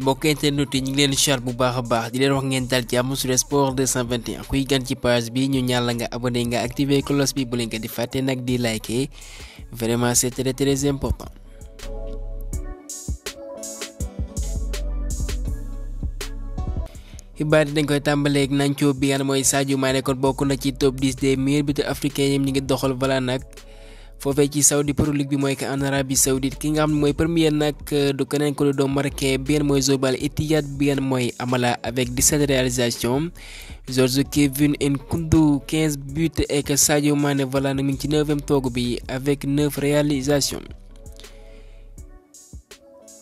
mbokk internet yi ñu ngi leen char bu baax a baax di leen wax ngeen dal jàmm sur sport 221 kuy gan ci page bi ñu ñàll nga abonné nga activer cloche bi bu leen ko di fàtte nag di liker vraiment c'est très très important xibaar dañ koy tàmbaleeg nancoo bi nga mooy Sadio Mané kon bokk na ci top 10 des meilleurs buteurs africains yi ñu ngi doxal voilà nag foofee ci Saudi Pro bi mooy que en Arabie Saoudite ki nga xam ne mooy premier nag euh, du keneen ko doon marqué benn mooy Zobal Etihad benn mooy Amala avec 17 réalisations George Kevin Nkundu 15 buts et que Sadio Mané voilà nag mi ci neuvième toog bi avec 9 réalisations.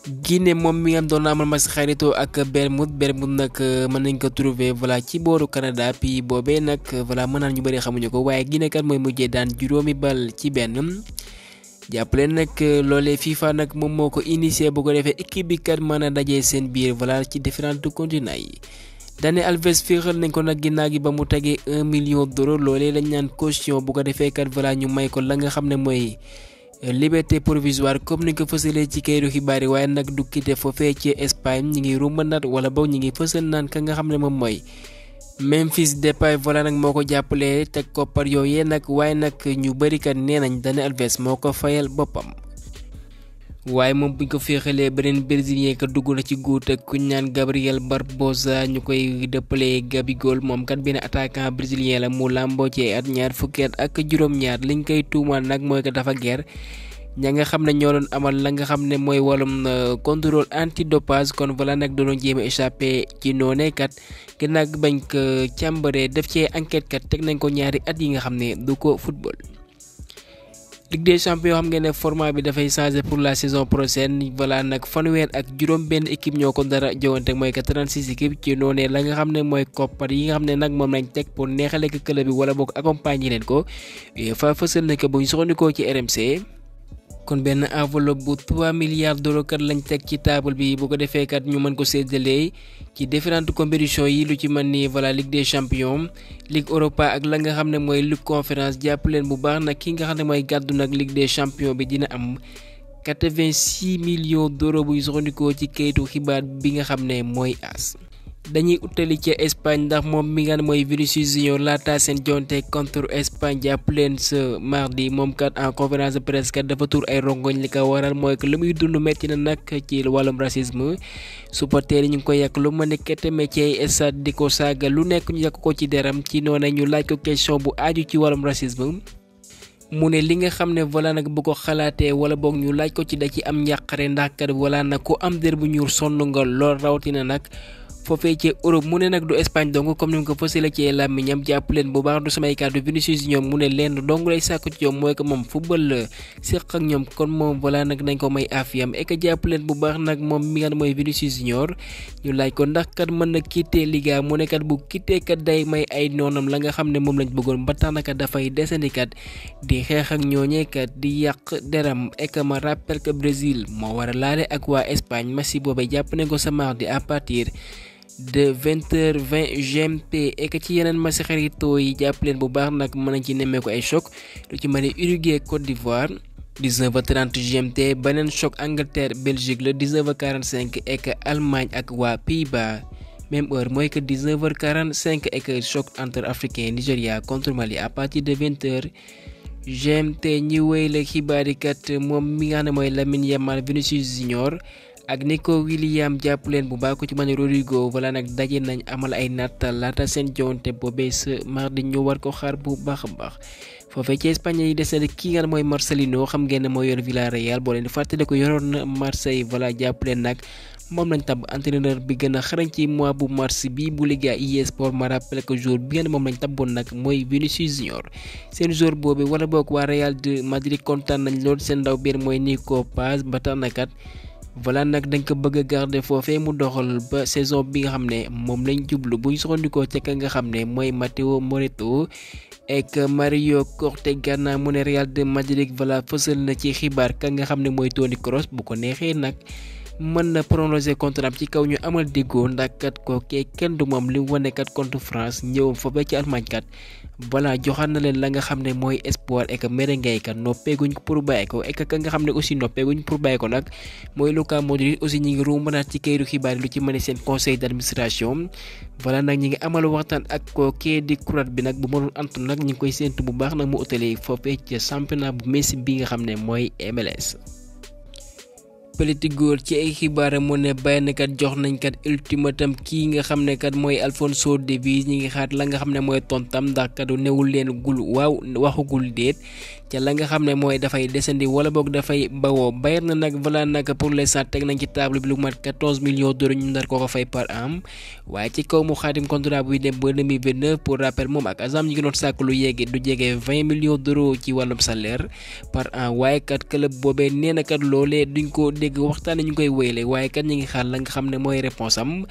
Guinée moom mi nga am doon na ma match xaritoo ak Bermude Bermude nag euh, mën nañ ko trouver voilà ci booru Canada puis boobee nag voilà mën naa ñu bëri xamuñu ko waaye Guinée kat mooy mujjee daan juróomi bal ci benn. jàppale nag euh, loolee FIFA nag moom moo ko initié bu ko defee équipe bi kat mën a dajee seen biir voilà ci différents continents yi. Dani Alves féexal nañ ko nag ginnaaw gi ba mu tegee 1 million d'euros loolee lañ naan caution bu ko defee kat voilà ñu may ko la nga xam ne mooy. liberté provisoire comme ni ko fësalee ci kayitu xibaar yi waaye nag du quitté foofee ci Espagne ñi ngi rumbanaat wala boog ñi ngi fësal naan ka nga xam ne moom mooy. Memphis Depay voilà nag moo ko jàppalee teg koppar yooyee nag waaye nag ñu bëri kat nee nañ Dani Alves moo ko fayal boppam. waaye moom buñ ko féexalee beneen brésilien ka dugg na ci guut ak kuñ naan Gabriel Barbosa ñu koy dëppalee Gabigol moom kat benn attaquant brésilien la mu làmboo ci at ñaar fukki ak juróom-ñaar liñ koy tuumaan nag mooy ko dafa ger ña nga xam ne ñoo doon amal la nga xam ne mooy wàllum euh, contrôle antidopage kon voilà nag doon jéem a échappé ci noonee kat nag bañ ko càmbaree def cee enquête kat teg nañ ko ñaari at yi nga xam ne du ko football. Ligue des champions xam ngeen ne format bi dafay changer pour la saison prochaine voilà nag fanweer ak juróom-benn équipe ñoo ko dara jëwante mooy que 36 équipes ci noonee la nga xam ne mooy koppar yi nga xam ne nag moom lañ teg pour neexale ko club bi wala boog accompagner leen ko UEFA fësal na ko bu ñu soxandikoo ci RMC. kon benn enveloppe bu 3 milliards d'euros kat lañ teg ci table bi bu ko defee kat ñu mën ko séddalee ci différentes compétitions yi lu ci mën ni voilà Ligue des champions Ligue Europa ak la nga xam ne mooy Ligue conférence jàpp leen bu baax nag ki nga xam ne mooy gàddu nag Ligue des champions bi dina am 86 millions d'euros bu soxandikoo ci kayitu xibaar bi nga xam ne mooy AS. dañuy utali ci Espagne ndax moom mi nga mooy Vinicius Junior laata seen jonte contre Espagne jàpp leen ce mardi moom kat en conférence de presse dafa tuur ay rongoñ li ko waral mooy que lu muy dund métti na nag ci wàllum racisme supporter yi ñu ngi koy yàq lu ma ne mais ci ay stade di ko saaga lu nekk ñu yàq ko ci deram ci noonu ñu laaj ko question bu aju ci wàllum racisme. mu ne li nga xam ne voilà nag bu ko xalaatee wala boog ñu laaj ko ci da ci am njàqare ndax kat nag ku am der bu ñuul sonn nga lool rawatina nag. foofee ci Europe mune ne nag du Espagne dong comme ni nga ko fësale ci làmmiñam jàpp leen bu baax du samay kàddu Vinicius Junior mune ne leen dong lay sàkku ci ñoom mooy que moom football la ak ñoom kon moom voilà nag nañ ko may afiyam et que jàpp leen bu baax nag moom mi nga mooy Vinicius Junior ñu laaj ko ndax kat mën na quitter Liga mune ne kat bu quitter kat day may ay noonam la nga xam ne lañ bëggoon ba tax na kat kat di xeex ak kat di deram et que ma rappel que Brésil moo war a ak waa Espagne ne ko sa mardi à partir de 20h20 GMT et que ci yeneen match xaritoo yi jàpp leen bu baax nag mën nañ ci nemmeeku ay choc lu ci mel ni Uruguay Côte d'Ivoire 19h30 GMT beneen choc Angleterre Belgique le 19h45 et que Allemagne ak waa Pays-Bas même heure mooy que 19h45 et que choc entre africain Nigeria contre Mali à partir de 20h. GMT ñi wéy la xibaarikat moom mi nga xam ne mooy Lamine Yamal Vinicius Junior ak Nico Williams jàpp leen bu baax ko ci mën Rodrigo wala nag daje nañ amal ay nattal laata seen jonte boobee sa mardi ñu war ko xaar bu baax a baax. foofee ci Espagne yi des na ki nga mooy Marcelino xam ngeen ne mooy yoon Villarreal boo leen di fàttali ko yoroon na Marseille jàppaleen jàpp leen nag. moom lañ tab entraîneur bi gën a xarañ ci mois bu mars bi bu liggéey Liga ISPORT ma rappelé que jour bi ngeen moom lañ taboon nag mooy Vinicius Junior seen jour boobu wala boog waa Real de Madrid kontaan nañ lool seen ndaw biir mooy Nico Paz ba tax na voilà nag dañ ko bëgg a garder foofee mu doxal ba saison bi nga xam ne moom lañ jublu buñ soxandikoo ca ka nga xam ne mooy Matteo Moretto ek Mario Corte Gana mu ne Real de Madrid voilà fësal na ci xibaar ka nga xam ne mooy Toni Kroos bu ko neexee nag. mën na prolonger contrat ci kaw ñu amal déggoo ndax kat kookee kenn du moom li wanekat wane contre France ñëwam foofee ci Allemagne kat voilà joxaat na leen la nga xam ne mooy espoir et que merengue ka ko pour bàyyi ko et nga xam ne aussi noppeeguñ pour bàyyi ko nag mooy Luka Modric aussi ñi ngi ruumanaat ci kayitu xibaar lu ci mën seen conseil d' administration. voilà nag ñi ngi amal waxtaan ak kii di kuréel bi nag bu ma doon nag ñu ngi koy séentu bu baax nag mu utalee foofee ci championnat bu Messi bi nga xam ne mooy MLS. politique góor ci ay xibaaram mu ne Bayern kat jox nañ kat ultimatum kii nga xam kat mooy Alphonso Davies ñi ngi xaar la nga xam ne mooy tontam ndax kat newul leen gul waaw waxugul déet ca la nga xam ne mooy dafay desandi wala boog dafay bawoo Bayern nag voilà nak pour l'instant teg nañ ci table bi lu mat 14 millions d'euros ñu ndar koo ko fay par am waaye ci kaw mu xaatim contrat buy dem ba 2029 pour rappel moom ak Azam ñi ngi doon sàkk lu yegge du jege 20 millions d'euros ci wàllum salaire par an kat club kat duñ ko dégg waxtaan ñu koy wéyle waaye kat ñu ngi xaar la nga xam ne mooy réponse am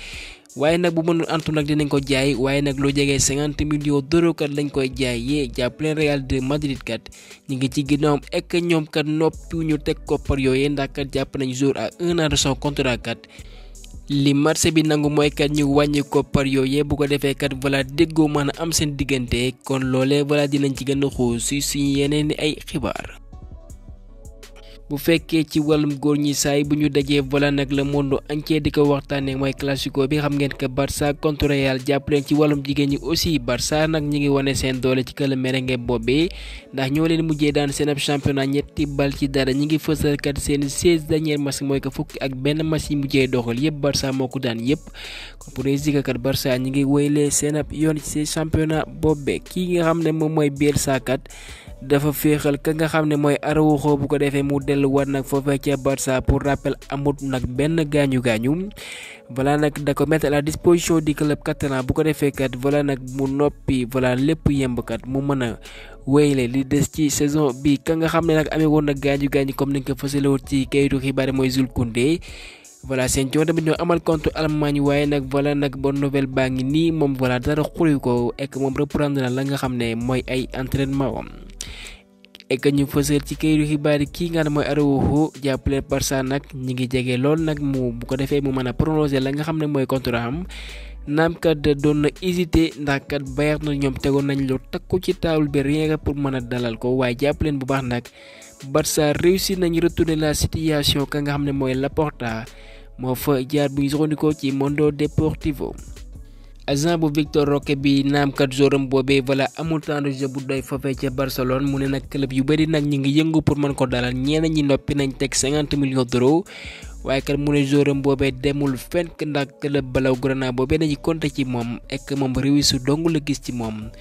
waaye nag bu mënul antu nag dinañ ko jaay waaye nag loo jegee cinquante millions d'euros kat lañ koy jaay yee jàppale Real de Madrid kat ñu ngi ci ginnaawam ek ñoom kat noppi ñu teg koppar yooyee ndax kat jàpp nañ jour à un an de kat. li marché bi nangu mooy kat ñu wàññi koppar yooyee bu ko defee kat voilà déggoo mën a am seen diggante kon loolee voilà dinañ ci gën a xuus si suñu yeneen ay xibaar. bu fekkee ci wàllum góor ñi saay bu ñu dajee volan ak le monde entier di ko waxtaanee mooy classico bi xam ngeen que Barça contre Real jàpp leen ci wàllum jigéen ñi aussi Barça nag ñi ngi wane seen doole ci këla merengue boobee ndax ñoo leen mujjee daan seen ab championnat ñetti bal ci dara ñi ngi fësal kat seen 16 dernier match mooy que fukki ak benn match yi mujjee doxal yépp Barça moo ko daan yépp kon pour résiga kat Barça ñi ngi wéylee seen ab yoon ci championnat boobee kii nga xam ne moom Bielsa kat dafa féexal ka nga xam ne mooy Araujo bu ko defee mu delluwaat nag foofee ca Barça pour rappel amut nag benn gaañu gaañu voilà nag da ko mettre la disposition du club catalan bu ko defee kat voilà nag mu noppi voilà lépp yemb kat mu mën a wéyle li des ci saison bi ka nga xam ne nag amee woon na gaañu gaañu comme ni nga ko fësale woon ci kayitu xibaar mooy Jules Koundé voilà seen coono tamit ñoo amal contre Allemagne waaye nag voilà nag bonne nouvelle baa ngi nii moom voilà dara xuri ko ek moom reprendre na la nga xam ne mooy ay entraînement am ek ñu fësal ci kayitu xibaar yi kii nga xam ne mooy Araujo jàppale Barça nag ñi ngi jege lool nag mu bu ko defee mu mën a prolonger la nga xam ne mooy contrat am naam kat doon na hésité ndax kat Bayern na ñoom tegoon nañ lu takku ci table bi rien que pour mën a dalal ko waaye jàppaleen bu baax nag Barça réussir nañ retourner la situation ka nga xam ne mooy Laporta moo fa jaar bu ñu sukkandikoo ci Mundo Deportivo. agent bu Victor Roque bi naamkat joram boobee voilà amul temps de jeu bu doy foofee ca Barcelone mu ne nag club yu bëri nag ñu ngi yëngu pour mën ko dalal ñeneen ñi noppi nañ teg 50 millions d'euros waaye kat mu ne joram boobee demul fenn ndax club Blaugrana boobee dañuy compter ci moom ek moom réussite dong la gis ci moom.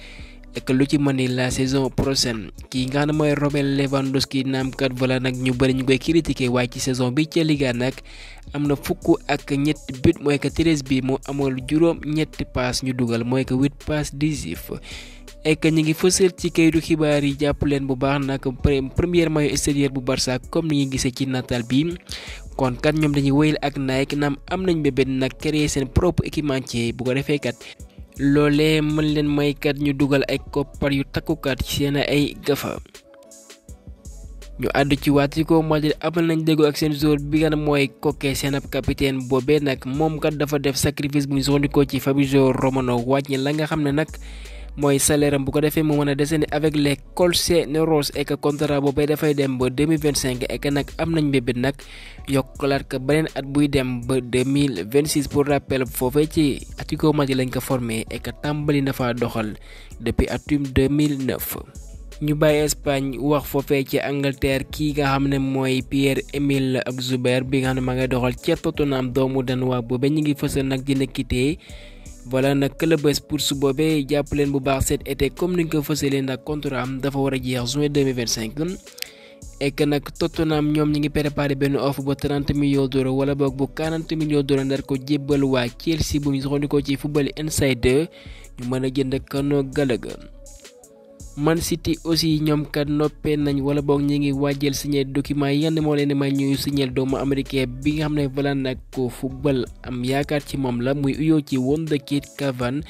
ak e lu ci mëni la saison prochaine ki nga xam mooy Robert Lewandowski naam kat voilà nag ñu bari ñu koy critiquer waaye ci saison bi ci Liga nag am na ak ñett but mooy que Therese bi moo amoon juróom ñetti pass ñu dugal mooy que huit pass décisif ek ñi ngi fësal ci kayitu xibaar yi jàpp leen bu baax nag maillot extérieur bu Barça comme ni ngi ci natal bi kon kat ñoom dañuy wéyal ak Nike naam am nañ bébét nag créer seen propre équipementier bu ko kat loole mën leen maykat ñu dugal ay koppar yu takkukaat ci seen ay gafa ñu àddu ci Atletico Madrid amal nañ déggoo ak seen joueur bi nga mooy kokkee seen ab capitaine boobee nag moom kat dafa def sacrifice bu ñu soxandikoo ci Fabrizio Romano wàññi la nga xam ne nag Moy salaire am bu ko defee mu mën a avec les colchoneros et que contrat boobee dafay dem ba 2025 et que nag am nañ mbébét nag yokkalaat ko beneen at buy dem ba 2026 pour rappel foofee ci Atlético Madrid lañ ko formé et que tàmbali na faa doxal depuis atum 2009. ñu bay Espagne wax foofee ci Angleterre kii nga xam ne mooy Pierre-Emile Axouber bi nga xam ne maa ngay doxal ca Tottenham doomu Danemark boobee ñu ngi fësal nag dina quitté. voilà nag la pour su boobee jàpp leen bu baax cet été comme ni nga ko fësalee ndax contrat am dafa war a jeex juin 2025 et que nag Tottenham ñoom ñu ngi préparé benn offre bu 30 millions d'euros wala boog bu 40 millions d'euros ndar ko jébbal waa Chelsea bu ñu soxandikoo ci Football Insider ñu mën a jënd Conor Gallagher Man City aussi ñoom kat noppee nañ wala boog ñi ngi waajal signé document yi moo leen di may ñuy signé doomu américain bi nga xam ne balaa nag ko football am yaakaar ci moom la muy uyoo ci Wonderkid Cavan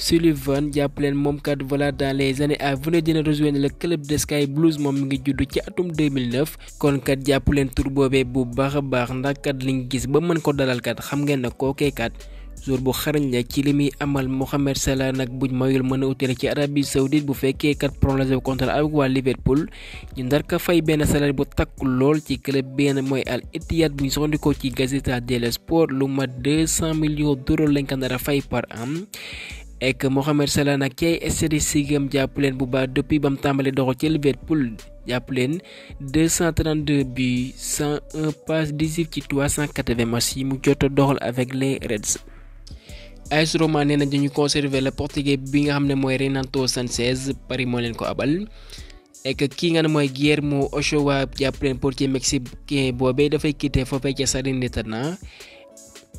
Sullivan jàpp leen moom kat voilà dans les années à venir dina rejoindre le club de Sky Blues moom mi ngi juddu ci atum 2009 kon kat jàpp leen tur boobee bu baax a baax ndax kat li liñ gis ba mën ko dalal kat xam ngeen na kookee kat. jour bu xarañ ci li muy amal Mohamed Salah nag buñ mayul mën a utile ci Arabie Saoudite bu fekkee kat prolongé bu contrat avec waa Liverpool ñu ndar ko fay benn salaire bu takku lool ci club benn mooy Al Ittihad buñ soxandikoo ci Gazzetta dello Sport lu mat 200 millions d'euros lañ ko nar fay par an ek Mohamed Salah nag ci ay statistiques am jàpp leen bu baax depuis ba mu tàmbalee doxu ci Liverpool jàpp leen 232 buts 101 passes décisives ci 380 matchs yi mu jot a doxal avec les Reds. AS Roma nee nañ dañu conservé la portugais bi nga xam ne mooy Renato Sanchez Paris moo leen ko abal ek kii nga ne mooy Guillermo Ochoa jàpp leen portier mexicain boobee dafay quitter foofee ca Salernitana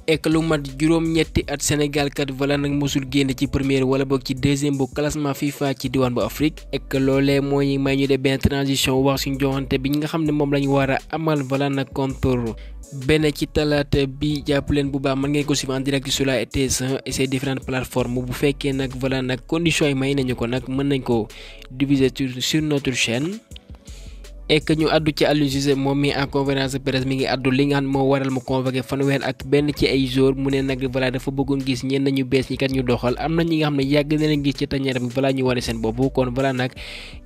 ek lu mat juróom-ñetti at Sénégal kat wala nag mosul génn ci première wala boog ci deuxième bu classement FIFA ci diwaan bu Afrique ek loolee mooy may ñu de benn transition wax suñu joxante bi nga xam ne moom lañu war a amal wala nag contour benn ci talaate bi jàpp leen bu baax mën ngeen ko suivre en direct sur la TS1 et différentes plateformes bu fekkee nag voilà nag conditions yi may nañu ko nag mën nañ ko diffuser sur notre chaîne. et que ñu àddu ci Aliou moom mi en conférence de presse mi ngi àddu li moo waral mu convoqué fanweer ak benn ci ay jour mu ne nag voilà dafa bëggoon gis ñenn ñu bees ñi kat ñu doxal am na ñi nga xam ne yàgg na leen gis ci tañeer bi balaa ñu wane seen bopp kon voilà nag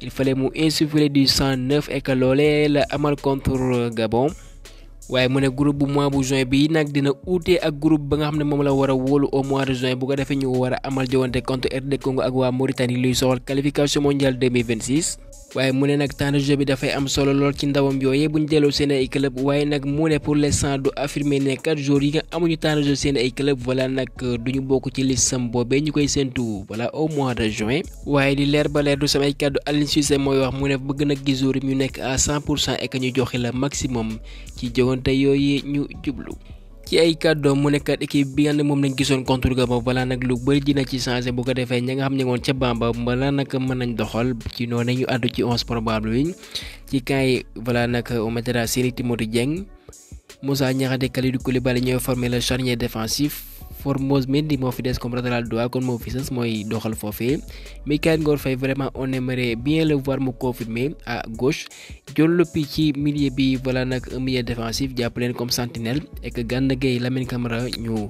il fallait mu insuffler du sang loolee la amal contre Gabon. waaye mu ne groupe bu mois bu juin bi nag dina uute ak groupe ba nga xam ne moom la war a wóolu au mois de juin bu ko defee ñu war a amal jowante contre RD Congo ak waa waaye mu ne nag temps de bi dafay am solo lool ci ndawam yooyee bu ñu delloo seen ay club waaye nag mu ne pour l'instant du affirmer ne quatre jours yi nga amuñu temps de jeu seen ay club voilà nag duñu bokk ci liste sam boobee ñu koy séntu wala au mois de juin waaye di leer ba leer du samay kàddu Aliou Cissé mooy wax mu ne bëgg na gis jours yi nekk à cent pour cent et que ñu joxe la maximum ci jogante yooyu ñu jublu. ci ay kàddoom mu nekkat équipe bi nga ne moom lañ gisoon contre Gabon balaa nag lu bëri dina ci changé bu ko defee ña nga xam ne woon ca Bamba balaa nag mën nañ doxal ci noonu ñu àddu ci onze probable bi ci cas yi balaa nag on mettra Seny Timothée Dieng Moussa Niakhaté Kalidou Koulibaly ñooy former le charnier défensif. Formose Mendy moo fi des comme latéral droit kon moo fi sës mooy doxal foofee Mikayil Ngor Faye vraiment on aimerait bien le mu confirmer à gauche Dion Lopy ci milieu bi voilà nag un milieu défensif jàpp comme sentinelle et que Gana Lamine Camara ñu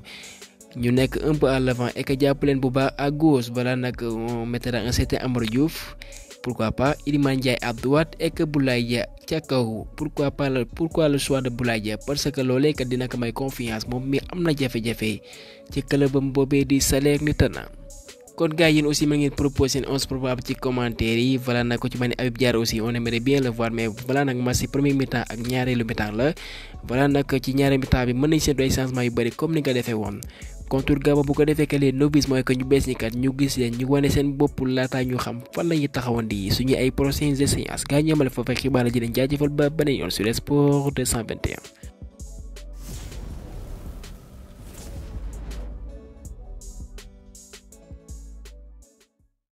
ñu nekk un peu à l'avant et que bu baax à gauche voilà nag on mettra un certain Amadou Diouf pourquoi pas Iri Ndiaye ab droite et que Boulaye ca kaw pourquoi pas le pourquoi le choix de Boulaye parce que loolee kat dina ko may confiance moom mi am na jafe-jafe ci clubam boobee di Salernitana kon gars yéen aussi ma ngeen proposé une onze probable ci commentaire yi voilà nag ko ci mel ni Habib Diarra aussi on aimerait bien le voir mais voilà nag match premier mi-temps ak mi-temps la voilà ci mi-temps bi doy changement yu comme ni nga contour gaba bu ko defee que les novices mooy que ñu bees ñi kat ñu gis leen ñu wane seen bopp laataa ñu xam fan la ñuy taxawandi suñu ay prochaines séances gaa ñamale fa fekk xibaar ji leen jaajëfal ba beneen yoon sur les sports 221